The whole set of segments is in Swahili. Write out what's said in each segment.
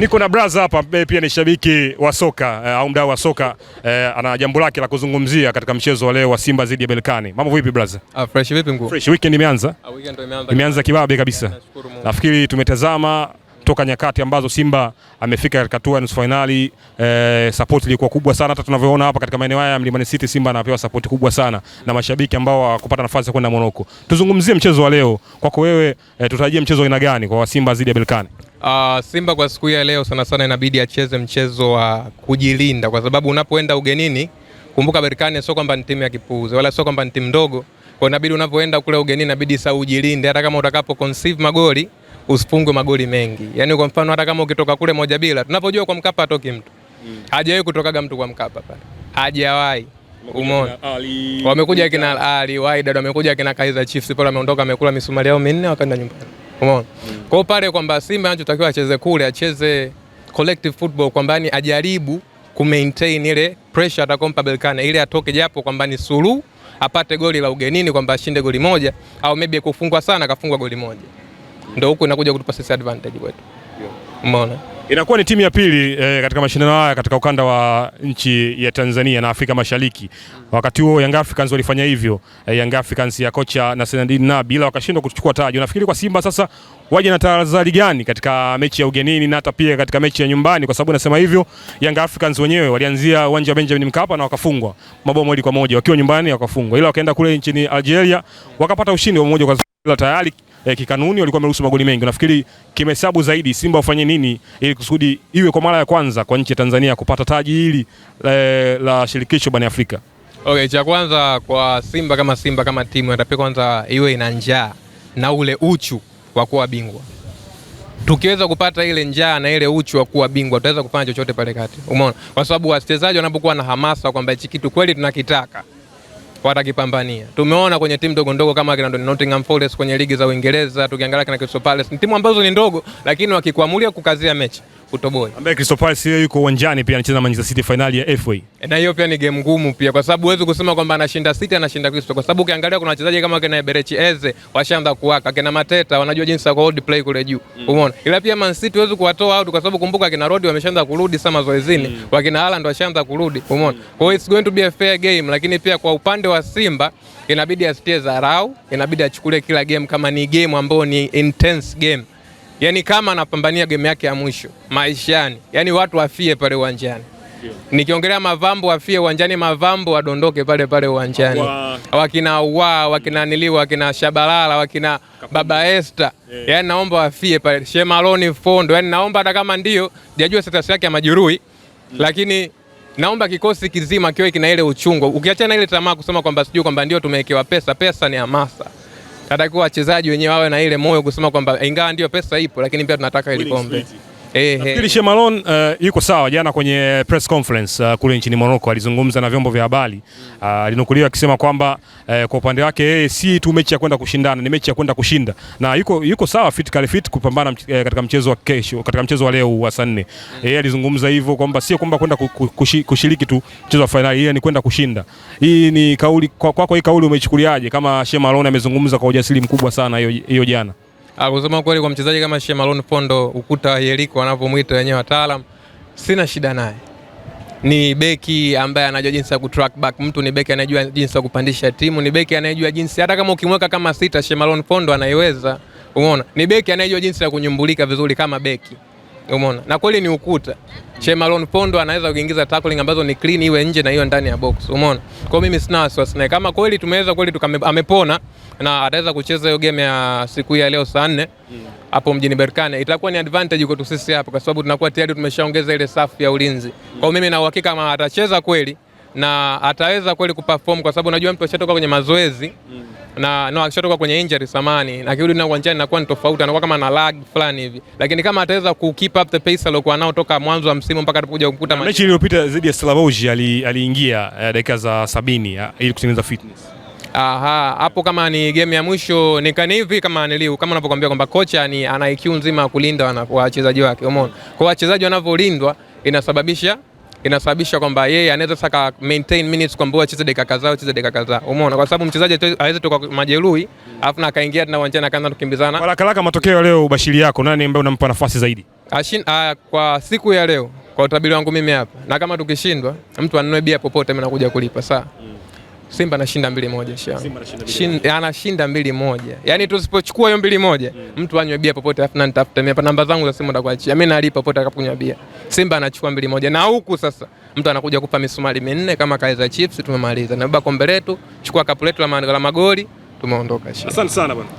Niko na brother hapa ambaye eh, pia ni shabiki wa soka eh, au mdau wa soka eh, ana jambo lake la kuzungumzia katika mchezo wa leo wa Simba dhidi ya Berkane. Mambo vipi brother? Ah, fresh vipi mkuu? Fresh, weekend imeanza? Ah, weekend imeanza. Imeanza kibabe kabisa. Nafikiri tumetazama toka nyakati ambazo Simba amefika katika hatua nusu finali eh, support ilikuwa kubwa sana. Hata tunavyoona hapa katika maeneo haya ya Mlimani City, Simba anapewa support kubwa sana na mashabiki ambao hawakupata nafasi ya kwenda Morocco. Tuzungumzie mchezo wa leo kwako wewe eh, tutarajie mchezo aina gani kwa Simba dhidi ya Berkane? Uh, Simba kwa siku ya leo sana sana inabidi acheze mchezo wa kujilinda, kwa sababu unapoenda ugenini, kumbuka Berkane sio kwamba ni timu ya kipuuzi wala sio kwamba ni timu ndogo, kwa inabidi unapoenda kule ugenini inabidi sa ujilinde, hata kama utakapo conceive magoli usifungwe magoli mengi. Yani kwa mfano hata kama ukitoka kule moja bila, tunapojua kwa Mkapa atoki mtu mm. hajawahi kutokaga mtu kwa Mkapa pale, hajawahi Umeona wamekuja kina Ali Wydad, wamekuja kina Kaizer Chiefs pale, wameondoka, wamekula misumari yao minne, wakaenda nyumbani. Umeona? Kwa hiyo pale kwamba Simba anachotakiwa acheze kule acheze collective football kwamba ni ajaribu kumaintain ile pressure atakompa Belkane ili atoke japo kwamba ni suru apate goli la ugenini kwamba ashinde goli moja au maybe kufungwa sana akafungwa goli moja. Ndio huko inakuja kutupa sisi advantage kwetu. Umeona? Inakuwa ni timu ya pili e, katika mashindano haya katika ukanda wa nchi ya Tanzania na Afrika Mashariki. Wakati huo Young Africans walifanya hivyo e, Young Africans ya kocha Senadin na bila wakashindwa kuchukua taji. Nafikiri kwa Simba sasa waje na tahadhari gani katika mechi ya ugenini na hata pia katika mechi ya nyumbani, kwa sababu nasema hivyo, Young Africans wenyewe walianzia uwanja wa Benjamin Mkapa na wakafungwa mabao mawili kwa moja wakiwa nyumbani wakafungwa, ila wakaenda kule nchini Algeria wakapata ushindi wa moja kwa tayari eh, kikanuni walikuwa wameruhusu magoli mengi. Nafikiri kimehesabu zaidi Simba ufanye nini ili kusudi iwe kwa mara ya kwanza kwa nchi ya Tanzania kupata taji hili la, eh, la shirikisho barani Afrika. Okay, cha kwanza kwa Simba kama Simba kama timu inatakiwa kwanza iwe ina njaa na ule uchu wa kuwa bingwa. Tukiweza kupata ile njaa na ile uchu wa kuwa bingwa, tutaweza kufanya chochote pale kati, umeona, kwa sababu wachezaji wanapokuwa na hamasa kwamba hichi kitu kweli tunakitaka watakipambania. Tumeona kwenye timu ndogo ndogo kama kina Nottingham Forest kwenye ligi za Uingereza, tukiangalia kina Crystal Palace, ni timu ambazo ni ndogo, lakini wakikuamulia kukazia mechi kutoboa. Ambaye Crystal Palace leo yuko uwanjani pia anacheza Manchester City finali ya FA. E, eh, Na hiyo pia ni game ngumu pia kwa sababu huwezi kusema kwamba anashinda City anashinda Crystal kwa sababu ukiangalia kuna wachezaji kama kina Berechi Eze washaanza kuwaka, kina Mateta wanajua jinsi ya hold play kule juu. Mm. Umeona? Ila pia Man City huwezi kuwatoa out kwa sababu kumbuka kina Rodri wameshaanza kurudi sana mazoezini. Mm. Wakina Haaland washaanza kurudi. Umeona? Mm. Kwa hiyo it's going to be a fair game lakini pia kwa upande wa Simba inabidi asitie dharau, inabidi achukulie kila game kama ni game ambayo ni intense game yani kama anapambania game yake ya mwisho maishani, yani watu wafie pale uwanjani nikiongelea Mavambo wafie uwanjani, Mavambo wadondoke pale pale uwanjani. Wakina wa wakina niliwa wakina Shabalala wakina Baba Esther yeah. yani naomba wafie pale. Shemaloni Fondo, yani naomba hata kama ndio jajua status yake ya majeruhi mm, lakini naomba kikosi kizima kiwe kina ile uchungu, ukiachana ile tamaa kusema kwamba sijui kwamba ndio tumewekewa pesa. Pesa ni hamasa tunatakiwa wachezaji wenyewe wawe na ile moyo kusema kwamba ingawa ndio pesa ipo, lakini pia tunataka ile kombe. Nafikiri Che Malone uh, yuko sawa. Jana kwenye press conference uh, kule nchini Morocco alizungumza na vyombo vya habari uh, alinukuliwa akisema kwamba uh, kwa upande wake yeye si tu mechi ya kwenda kushindana, ni mechi ya kwenda kushinda na yuko, yuko sawa fit kali fit kupambana uh, katika mchezo wa kesho, katika mchezo wa leo wa saa nne mm. yeye alizungumza hivyo kwamba sio kwamba kwenda kushiriki tu mchezo wa fainali, yeye ni kwenda kushinda. Hii ni kauli kwako, kwa hii kauli umeichukuliaje? Kama Che Malone amezungumza kwa ujasiri mkubwa sana hiyo jana Ah, kusema kweli kwa mchezaji kama Shea Malone Pondo, ukuta wa Yeriko wanavyomwita wenyewe wataalam, sina shida naye. Ni beki ambaye anajua jinsi ya kutrack back mtu, ni beki anayejua jinsi ya kupandisha timu, ni beki anayejua jinsi hata kama ukimweka kama sita, Shemalon Malone Pondo anaiweza. Umeona, ni beki anayejua jinsi ya kunyumbulika vizuri kama beki. Umeona, na kweli ni ukuta. Shemalon Malone Pondo anaweza kuingiza tackling ambazo ni clean, iwe nje na iwe ndani ya box. Umeona, kwa mimi sina wasiwasi naye, kama kweli tumeweza kweli tukame, amepona na ataweza kucheza hiyo game ya siku ya leo saa nne hapo yeah. mjini Berkane, itakuwa ni advantage kwetu sisi hapo, kwa sababu tunakuwa tayari tumeshaongeza ile safu ya ulinzi. yeah. Kwa mimi na uhakika kama atacheza kweli na ataweza kweli kuperform, kwa sababu najua mtu ashatoka kwenye mazoezi na no, akishatoka kwenye injury samani na kirudi na uwanjani inakuwa ni tofauti, anakuwa kama na lag fulani hivi, lakini kama ataweza ku keep up the pace aliokuwa nao toka mwanzo wa msimu mpaka atakuja kukuta mechi iliyopita dhidi ya Slavoj, aliingia eh, dakika za sabini eh, ili kutengeneza fitness Aha, hapo kama ni game ya mwisho nikani hivi kama niliu kama unapokuambia kwamba kocha ni ana IQ nzima ya kulinda wachezaji wake. Umeona? Kwa wachezaji wanavyolindwa inasababisha inasababisha kwamba yeye anaweza saka maintain minutes kwamba acheze dakika kadhaa acheze dakika kadhaa. Umeona? Kwa sababu mchezaji hawezi toka majeruhi afu na akaingia tena uwanjani akaanza kukimbizana. Kwa haraka matokeo leo, ubashiri yako nani ambaye unampa nafasi zaidi? Ashin, a, ah, kwa siku ya leo kwa utabiri wangu mimi hapa na kama tukishindwa mtu anunue bia popote mimi nakuja kulipa saa. Mm. Simba anashinda mbili moja, Simba anashinda mbili moja. Yaani tusipochukua hiyo mbili moja, mm. mtu anywe bia popote afu na nitafuta mimi namba zangu za simu ndakuachia Mimi nalipa popote atakapokunywa bia. Simba anachukua mbili moja. Na huku sasa mtu anakuja kupa misumari minne kama Kaizer Chiefs tumemaliza. Na baba kombe letu, chukua kapu letu la magoli tumeondoka. Asante sana bwana.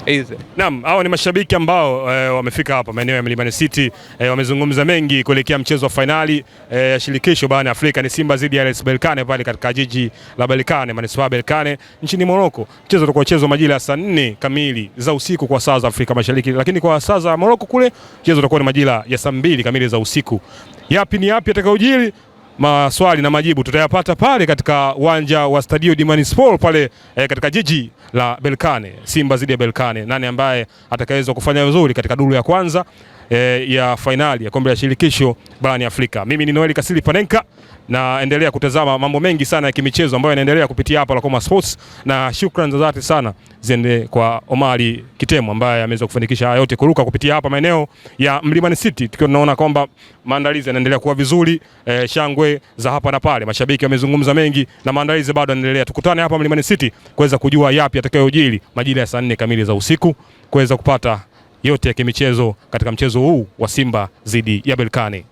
Naam, hao ni mashabiki ambao e, wamefika hapa maeneo ya Mlimani City e, wamezungumza mengi kuelekea mchezo wa fainali eh, ya e, shirikisho barani Afrika ni Simba dhidi ya RS Berkane pale katika jiji la Berkane, Manispaa Berkane nchini Morocco. Mchezo utakuwa uchezwa majira ya saa 4 kamili za usiku kwa saa za Afrika Mashariki, lakini kwa saa za Morocco kule mchezo utakuwa ni majira ya saa 2 kamili za usiku. Yapi ni yapi atakayojiri? maswali na majibu tutayapata pale katika uwanja wa Stadio di Manisipol pale eh, katika jiji la belkane Simba zidi ya belkane Nani ambaye atakayeweza kufanya vizuri katika duru ya kwanza eh, ya fainali ya kombe la shirikisho barani Afrika? Mimi ni Noeli Kasili Panenka na endelea kutazama mambo mengi sana ya kimichezo ambayo yanaendelea kupitia hapa Lakoma Sports, na shukrani za dhati sana ziende kwa Omari Kitemo ambaye ameweza kufanikisha haya yote kuruka kupitia hapa maeneo ya Mlimani City, tukiwa tunaona kwamba maandalizi yanaendelea kuwa vizuri e, shangwe za hapa na pale, mashabiki wamezungumza mengi na maandalizi bado yanaendelea. Tukutane hapa Mlimani City kuweza kujua yapi atakayojiri majira ya saa nne kamili za usiku kuweza kupata yote ya kimichezo katika mchezo huu wa Simba dhidi ya Berkane.